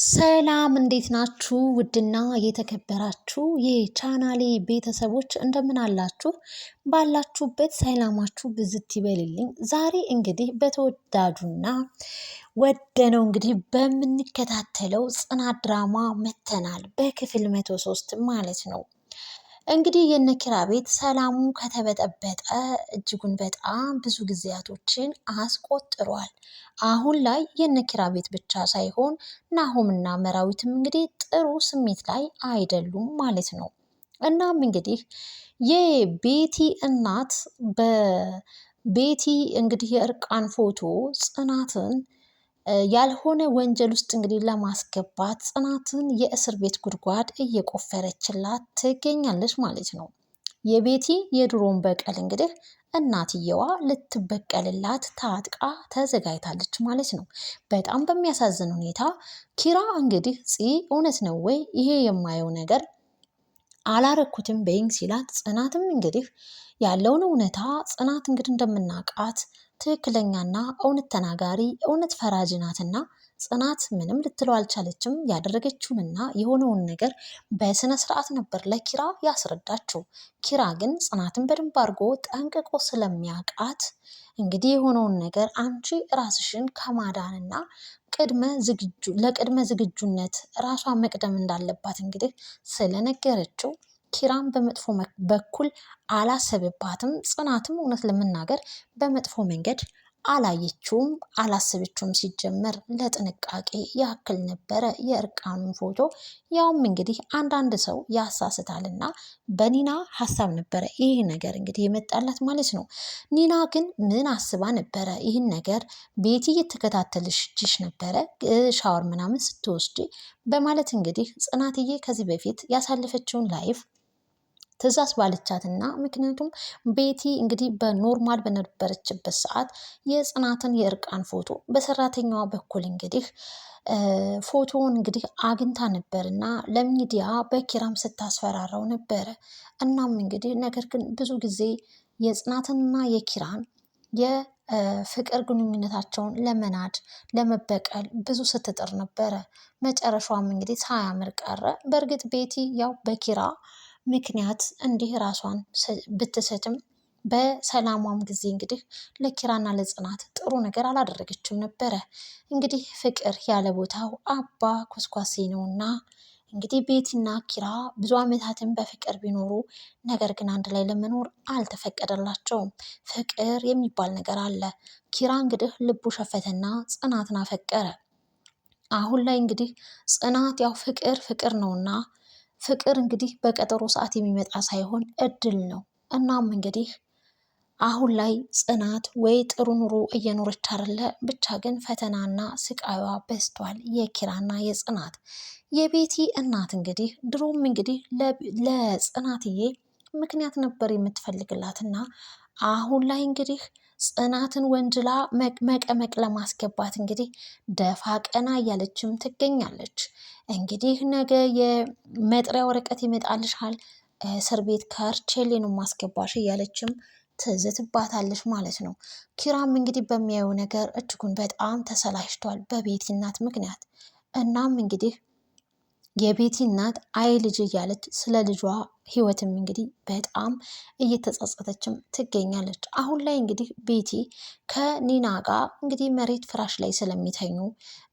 ሰላም እንዴት ናችሁ? ውድና የተከበራችሁ የቻናሌ ቤተሰቦች እንደምን አላችሁ? ባላችሁበት ሰላማችሁ ብዝት ይበልልኝ። ዛሬ እንግዲህ በተወዳጁና ወደነው እንግዲህ በምንከታተለው ጽናት ድራማ መተናል በክፍል መቶ ሶስት ማለት ነው። እንግዲህ የነኪራ ቤት ሰላሙ ከተበጠበጠ እጅጉን በጣም ብዙ ጊዜያቶችን አስቆጥሯል። አሁን ላይ የነኪራ ቤት ብቻ ሳይሆን ናሆምና መራዊትም እንግዲህ ጥሩ ስሜት ላይ አይደሉም ማለት ነው። እናም እንግዲህ የቤቲ እናት በቤቲ እንግዲህ የእርቃን ፎቶ ጽናትን ያልሆነ ወንጀል ውስጥ እንግዲህ ለማስገባት ጽናትን የእስር ቤት ጉድጓድ እየቆፈረችላት ትገኛለች ማለት ነው። የቤቲ የድሮን በቀል እንግዲህ እናትየዋ ልትበቀልላት ታጥቃ ተዘጋጅታለች ማለት ነው። በጣም በሚያሳዝን ሁኔታ ኪራ እንግዲህ ፂ እውነት ነው ወይ ይሄ የማየው ነገር አላረኩትም በይኝ ሲላት ጽናትም እንግዲህ ያለውን እውነታ ጽናት እንግዲህ እንደምናቃት ትክክለኛና እውነት ተናጋሪ እውነት ፈራጅ ናትና ጽናት ምንም ልትለው አልቻለችም። ያደረገችውንና የሆነውን ነገር በስነ ስርዓት ነበር ለኪራ ያስረዳችው። ኪራ ግን ጽናትን በደንብ አድርጎ ጠንቅቆ ስለሚያውቃት እንግዲህ የሆነውን ነገር አንቺ ራስሽን ከማዳንና ቅድመ ዝግጁ ለቅድመ ዝግጁነት ራሷ መቅደም እንዳለባት እንግዲህ ስለነገረችው ኪራም በመጥፎ በኩል አላሰብባትም ጽናትም እውነት ለመናገር በመጥፎ መንገድ አላየችውም አላሰበችውም። ሲጀመር ለጥንቃቄ ያክል ነበረ የእርቃኑን ፎቶ። ያውም እንግዲህ አንዳንድ ሰው ያሳስታል ና በኒና ሀሳብ ነበረ ይህ ነገር እንግዲህ የመጣላት ማለት ነው። ኒና ግን ምን አስባ ነበረ? ይህን ነገር ቤቲ እየተከታተለችሽ ነበረ ሻወር ምናምን ስትወስድ በማለት እንግዲህ ጽናትዬ ከዚህ በፊት ያሳለፈችውን ላይፍ ትእዛዝ ባለቻትና ምክንያቱም ቤቲ እንግዲህ በኖርማል በነበረችበት ሰዓት የጽናትን የእርቃን ፎቶ በሰራተኛዋ በኩል እንግዲህ ፎቶውን እንግዲህ አግኝታ ነበር እና ለሚዲያ በኪራም ስታስፈራራው ነበረ። እናም እንግዲህ ነገር ግን ብዙ ጊዜ የጽናትንና የኪራን የፍቅር ግንኙነታቸውን ለመናድ ለመበቀል ብዙ ስትጥር ነበረ። መጨረሻዋም እንግዲህ ሳያምር ቀረ። በእርግጥ ቤቲ ያው በኪራ ምክንያት እንዲህ ራሷን ብትሰጥም በሰላሟም ጊዜ እንግዲህ ለኪራና ለጽናት ጥሩ ነገር አላደረገችም ነበረ። እንግዲህ ፍቅር ያለ ቦታው አባ ኮስኳሴ ነው እና እንግዲህ ቤቲና ኪራ ብዙ ዓመታትን በፍቅር ቢኖሩ ነገር ግን አንድ ላይ ለመኖር አልተፈቀደላቸውም። ፍቅር የሚባል ነገር አለ። ኪራ እንግዲህ ልቡ ሸፈተና ጽናትን አፈቀረ። አሁን ላይ እንግዲህ ጽናት ያው ፍቅር ፍቅር ነውና ፍቅር እንግዲህ በቀጠሮ ሰዓት የሚመጣ ሳይሆን እድል ነው። እናም እንግዲህ አሁን ላይ ጽናት ወይ ጥሩ ኑሮ እየኖረች አይደለ፣ ብቻ ግን ፈተናና ስቃይዋ በዝቷል። የኪራና የጽናት የቤቲ እናት እንግዲህ ድሮም እንግዲህ ለጽናትዬ ምክንያት ነበር የምትፈልግላትና አሁን ላይ እንግዲህ ጽናትን ወንጅላ መቀመቅ ለማስገባት እንግዲህ ደፋ ቀና እያለችም ትገኛለች። እንግዲህ ነገ የመጥሪያ ወረቀት ይመጣልሻል፣ እስር ቤት ከርቼሌ ማስገባሽ እያለችም ትዝትባታለች ማለት ነው። ኪራም እንግዲህ በሚያየው ነገር እጅጉን በጣም ተሰላሽቷል በቤቲ እናት ምክንያት። እናም እንግዲህ የቤቲ እናት አይ ልጅ እያለች ስለ ልጇ ህይወትም እንግዲህ በጣም እየተጸጸተችም ትገኛለች። አሁን ላይ እንግዲህ ቤቲ ከኒና ጋር እንግዲህ መሬት ፍራሽ ላይ ስለሚተኙ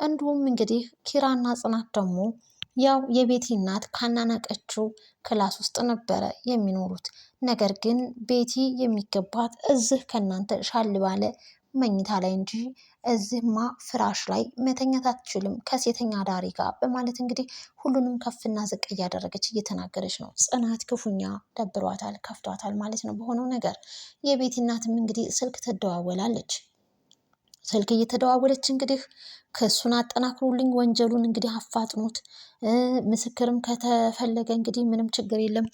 እንዲሁም እንግዲህ ኪራና ጽናት ደግሞ ያው የቤቲ እናት ካናናቀችው ክላስ ውስጥ ነበረ የሚኖሩት። ነገር ግን ቤቲ የሚገባት እዚህ ከእናንተ ሻል ባለ መኝታ ላይ እንጂ እዚህማ ፍራሽ ላይ መተኛት አትችልም ከሴተኛ አዳሪ ጋር በማለት እንግዲህ ሁሉንም ከፍና ዝቅ እያደረገች እየተናገረች ነው። ጽናት ክፉኛ ደብሯታል፣ ከፍቷታል ማለት ነው በሆነው ነገር። የቤቲ እናትም እንግዲህ ስልክ ትደዋወላለች። ስልክ እየተደዋወለች እንግዲህ ክሱን አጠናክሩልኝ፣ ወንጀሉን እንግዲህ አፋጥኑት። ምስክርም ከተፈለገ እንግዲህ ምንም ችግር የለም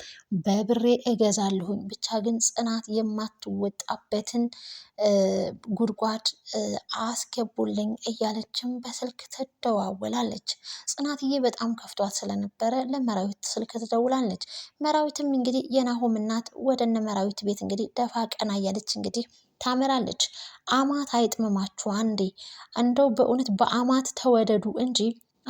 በብሬ እገዛለሁኝ። ብቻ ግን ጽናት የማትወጣበትን ጉድጓድ አስገቡልኝ እያለችም በስልክ ትደዋወላለች። ጽናትዬ በጣም ከፍቷት ስለነበረ ለመራዊት ስልክ ትደውላለች። መራዊትም እንግዲህ የናሆም እናት ወደ መራዊት ቤት እንግዲህ ደፋ ቀና እያለች እንግዲህ ታመራለች። አማት አይጥምማችሁ አንዴ እንደው በእውነት በአማት ተወደዱ እንጂ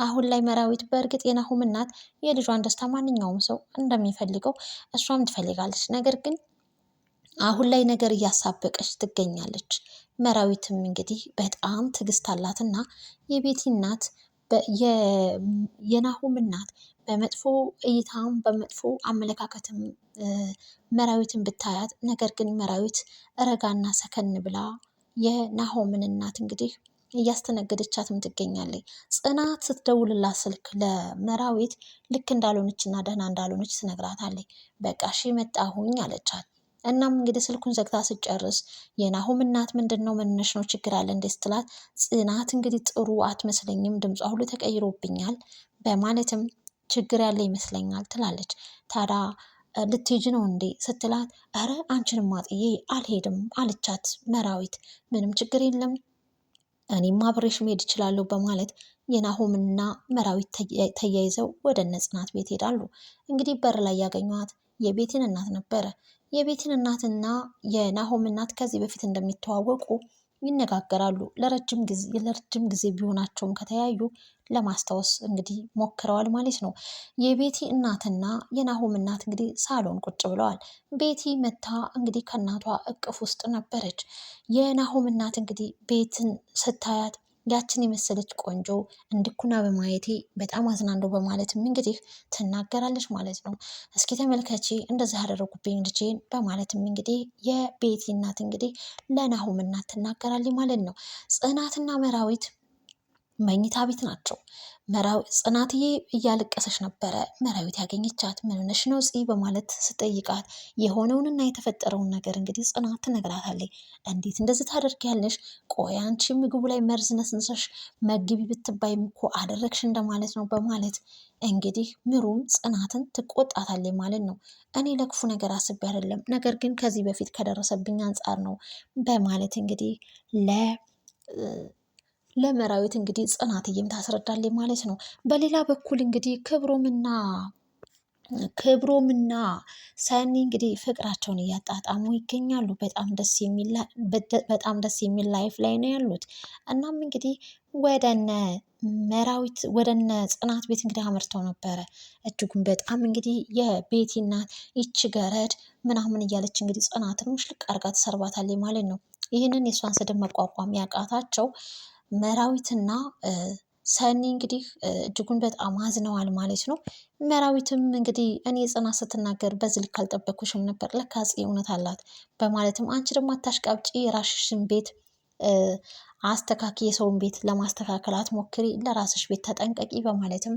አሁን ላይ መራዊት በእርግጥ የናሁም እናት የልጇን ደስታ ማንኛውም ሰው እንደሚፈልገው እሷም ትፈልጋለች። ነገር ግን አሁን ላይ ነገር እያሳበቀች ትገኛለች። መራዊትም እንግዲህ በጣም ትዕግስት አላትና የቤቲ እናት የናሁም እናት በመጥፎ እይታም በመጥፎ አመለካከትም መራዊትን ብታያት፣ ነገር ግን መራዊት ረጋና ሰከን ብላ የናሆምን እናት እንግዲህ እያስተነገደቻትም ትገኛለች። ጽናት ስትደውልላት ስልክ ለመራዊት ልክ እንዳልሆነችና ደህና እንዳልሆነች ትነግራታለች። በቃ እሺ መጣሁኝ አለቻት። እናም እንግዲህ ስልኩን ዘግታ ስጨርስ የናሁም እናት ምንድን ነው መነሽ ነው ችግር አለ እንዴ ስትላት፣ ጽናት እንግዲህ ጥሩ አትመስለኝም፣ ድምጿ ሁሉ ተቀይሮብኛል በማለትም ችግር ያለ ይመስለኛል ትላለች። ታዲያ ልትሄጂ ነው እንዴ ስትላት፣ ኧረ አንቺንም አጥዬ አልሄድም አለቻት መራዊት። ምንም ችግር የለም እኔም አብሬሽ መሄድ እችላለሁ በማለት የናሆምና መራዊት ተያይዘው ወደ እነ ጽናት ቤት ሄዳሉ። እንግዲህ በር ላይ ያገኟት የቤቲን እናት ነበረ። የቤቲን እናትና የናሆም እናት ከዚህ በፊት እንደሚተዋወቁ ይነጋገራሉ። ለረጅም ጊዜ ቢሆናቸውም ከተያዩ ለማስታወስ እንግዲህ ሞክረዋል ማለት ነው። የቤቲ እናትና የናሆም እናት እንግዲህ ሳሎን ቁጭ ብለዋል። ቤቲ መታ እንግዲህ ከእናቷ እቅፍ ውስጥ ነበረች። የናሆም እናት እንግዲህ ቤትን ስታያት ያችን የመሰለች ቆንጆ እንድኩና በማየቴ በጣም አዝናንዶ በማለትም እንግዲህ ትናገራለች ማለት ነው። እስኪ ተመልከቺ እንደዚህ ያደረጉብኝ ልጄን በማለትም እንግዲህ የቤቲ እናት እንግዲህ ለናሆም እናት ትናገራለች ማለት ነው። ጽናትና መራዊት መኝታ ቤት ናቸው። ጽናትዬ እያለቀሰች ነበረ። መራዊት ያገኘቻት ምን ሆነሽ ነው ጽ በማለት ስጠይቃት የሆነውንና የተፈጠረውን ነገር እንግዲህ ጽናት ትነግራታለች። እንዴት እንደዚህ ታደርጊያለሽ? ቆይ አንቺ ምግቡ ላይ መርዝ ነስንሰሽ መግቢ ብትባይም እኮ አደረግሽ እንደማለት ነው በማለት እንግዲህ ምሩም ጽናትን ትቆጣታለች ማለት ነው። እኔ ለክፉ ነገር አስቤ አይደለም፣ ነገር ግን ከዚህ በፊት ከደረሰብኝ አንጻር ነው በማለት እንግዲህ ለ ለመራዊት እንግዲህ ጽናትዬም ታስረዳለች ማለት ነው። በሌላ በኩል እንግዲህ ክብሮምና ክብሮምና ሰኒ እንግዲህ ፍቅራቸውን እያጣጣሙ ይገኛሉ። በጣም ደስ የሚል ላይፍ ላይ ነው ያሉት። እናም እንግዲህ ወደነ መራዊት ወደነ ጽናት ቤት እንግዲህ አመርተው ነበረ። እጅጉን በጣም እንግዲህ የቤቲ እናት ይቺ ገረድ ምናምን እያለች እንግዲህ ጽናትን ሙሽልቅ አርጋ ተሰርባታለች ማለት ነው። ይህንን የእሷን ስድብ መቋቋም ያቃታቸው መራዊትና ሰኒ እንግዲህ እጅጉን በጣም አዝነዋል ማለት ነው። መራዊትም እንግዲህ እኔ ጽናት ስትናገር በዚህ ልክ አልጠበኩሽም ነበር፣ ለካ እውነት አላት በማለትም አንቺ ደግሞ አታሽቃብጪ፣ የራስሽን ቤት አስተካኪ፣ የሰውን ቤት ለማስተካከል አትሞክሪ፣ ለራስሽ ቤት ተጠንቀቂ በማለትም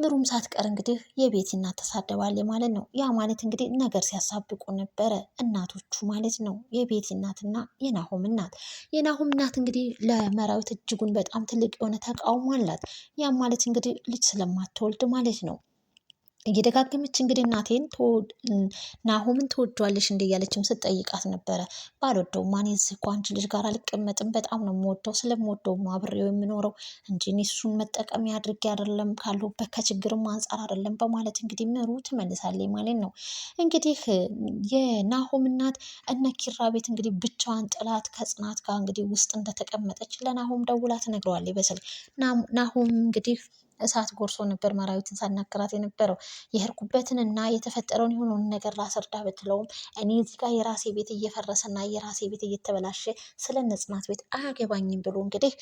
ምሩም ሳትቀር እንግዲህ የቤቲ እናት ተሳደባለች ማለት ነው። ያ ማለት እንግዲህ ነገር ሲያሳብቁ ነበረ እናቶቹ ማለት ነው። የቤቲ እናትና የናሆም እናት የናሆም እናት እንግዲህ ለመራዊት እጅጉን በጣም ትልቅ የሆነ ተቃውሞ አላት። ያ ማለት እንግዲህ ልጅ ስለማትወልድ ማለት ነው። እየደጋገመች እንግዲህ እናቴን ናሆምን ትወደዋለሽ እንደ እያለችም ስትጠይቃት ነበረ። ባልወደው ማን የዚህ ከአንቺ ልጅ ጋር አልቀመጥም፣ በጣም ነው የምወደው፣ ስለምወደው አብሬው የምኖረው እንጂ እኔ እሱን መጠቀም አድርጌ አይደለም፣ ካለሁበት ከችግርም አንጻር አይደለም በማለት እንግዲህ ምሩ ትመልሳለች ማለት ነው። እንግዲህ የናሆም እናት እነ ኪራ ቤት እንግዲህ ብቻዋን ጥላት ከጽናት ጋር እንግዲህ ውስጥ እንደተቀመጠች ለናሆም ደውላ ትነግረዋለች በስልክ ናሆም እንግዲህ እሳት ጎርሶ ነበር መራዊትን ሳናግራት የነበረው። የሄድኩበትን እና የተፈጠረውን የሆነውን ነገር ላስረዳ ብትለውም እኔ እዚህ ጋር የራሴ ቤት እየፈረሰና የራሴ ቤት እየተበላሸ ስለ ነጽናት ቤት አያገባኝም ብሎ እንግዲህ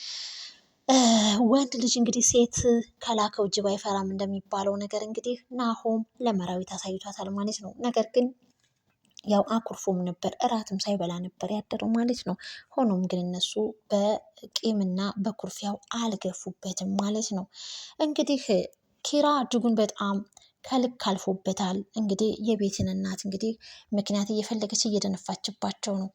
ወንድ ልጅ እንግዲህ ሴት ከላከው ጅብ አይፈራም እንደሚባለው ነገር እንግዲህ ናሆም ለመራዊት አሳይቷታል ማለት ነው። ነገር ግን ያው አኩርፎም ነበር፣ እራትም ሳይበላ ነበር ያደረው ማለት ነው። ሆኖም ግን እነሱ በቂምና በኩርፊያው አልገፉበትም ማለት ነው። እንግዲህ ኪራ እጅጉን በጣም ከልክ አልፎበታል። እንግዲህ የቤትን እናት እንግዲህ ምክንያት እየፈለገች እየደነፋችባቸው ነው።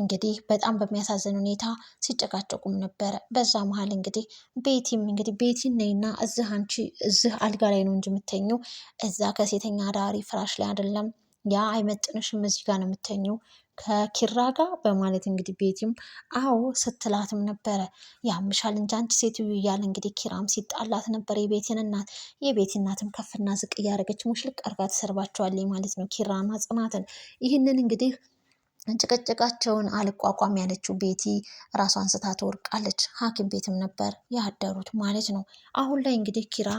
እንግዲህ በጣም በሚያሳዝን ሁኔታ ሲጨቃጨቁም ነበረ። በዛ መሀል እንግዲህ ቤቲም እንግዲህ ቤቲን ነይና እዚህ አንቺ እዚህ አልጋ ላይ ነው እንጂ የምተኘው እዛ ከሴተኛ ዳሪ ፍራሽ ላይ አይደለም ያ አይመጥንሽም እዚህ ጋር ነው የምተኘው ከኪራ ጋር በማለት እንግዲህ ቤቲም አዎ ስትላትም ነበረ። ያምሻል እንጂ አንቺ ሴትዮ እያለ እንግዲህ ኪራም ሲጣላት ነበረ የቤቲን እናት። የቤቲ እናትም ከፍና ዝቅ እያደረገች ሙሽልቅ አርጋ ተሰርባቸዋለች ማለት ነው ኪራና ጽናትን። ይህንን እንግዲህ ጭቅጭቃቸውን አልቋቋም ያለችው ቤቲ ራሷን ስታ ትወርቃለች። ሐኪም ቤትም ነበር ያደሩት ማለት ነው። አሁን ላይ እንግዲህ ኪራ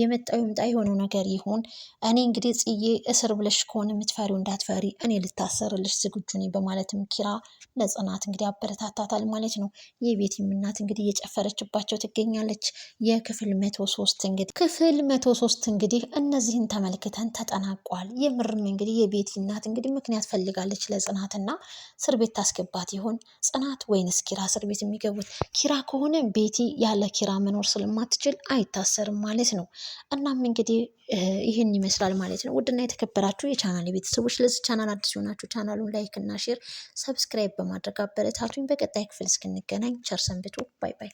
የመጣው ይምጣ የሆነው ነገር ይሁን። እኔ እንግዲህ ጽዬ እስር ብለሽ ከሆነ የምትፈሪው እንዳትፈሪ እኔ ልታሰርልሽ ዝግጁ ነኝ በማለትም ኪራ ለጽናት እንግዲህ አበረታታታል ማለት ነው። የቤት እናት እንግዲህ እየጨፈረችባቸው ትገኛለች። የክፍል መቶ ሶስት እንግዲህ ክፍል መቶ ሶስት እንግዲህ እነዚህን ተመልክተን ተጠናቋል። የምርም እንግዲህ የቤት እናት እንግዲህ ምክንያት ፈልጋለች ለጽናትና እስር ቤት ታስገባት ይሆን ጽናት ወይንስ ኪራ እስር ቤት የሚገቡት? ኪራ ከሆነ ቤቲ ያለ ኪራ መኖር ስለማትችል አይታሰርም ማለት ነው። እናም እንግዲህ ይህን ይመስላል ማለት ነው። ውድና የተከበራችሁ የቻናል ቤተሰቦች ለዚህ ቻናል አዲስ የሆናችሁ ቻናሉን ላይክ እና ሼር፣ ሰብስክራይብ በማድረግ አበረታቱኝ። በቀጣይ ክፍል እስክንገናኝ ቸር ሰንብቱ። ባይ ባይ።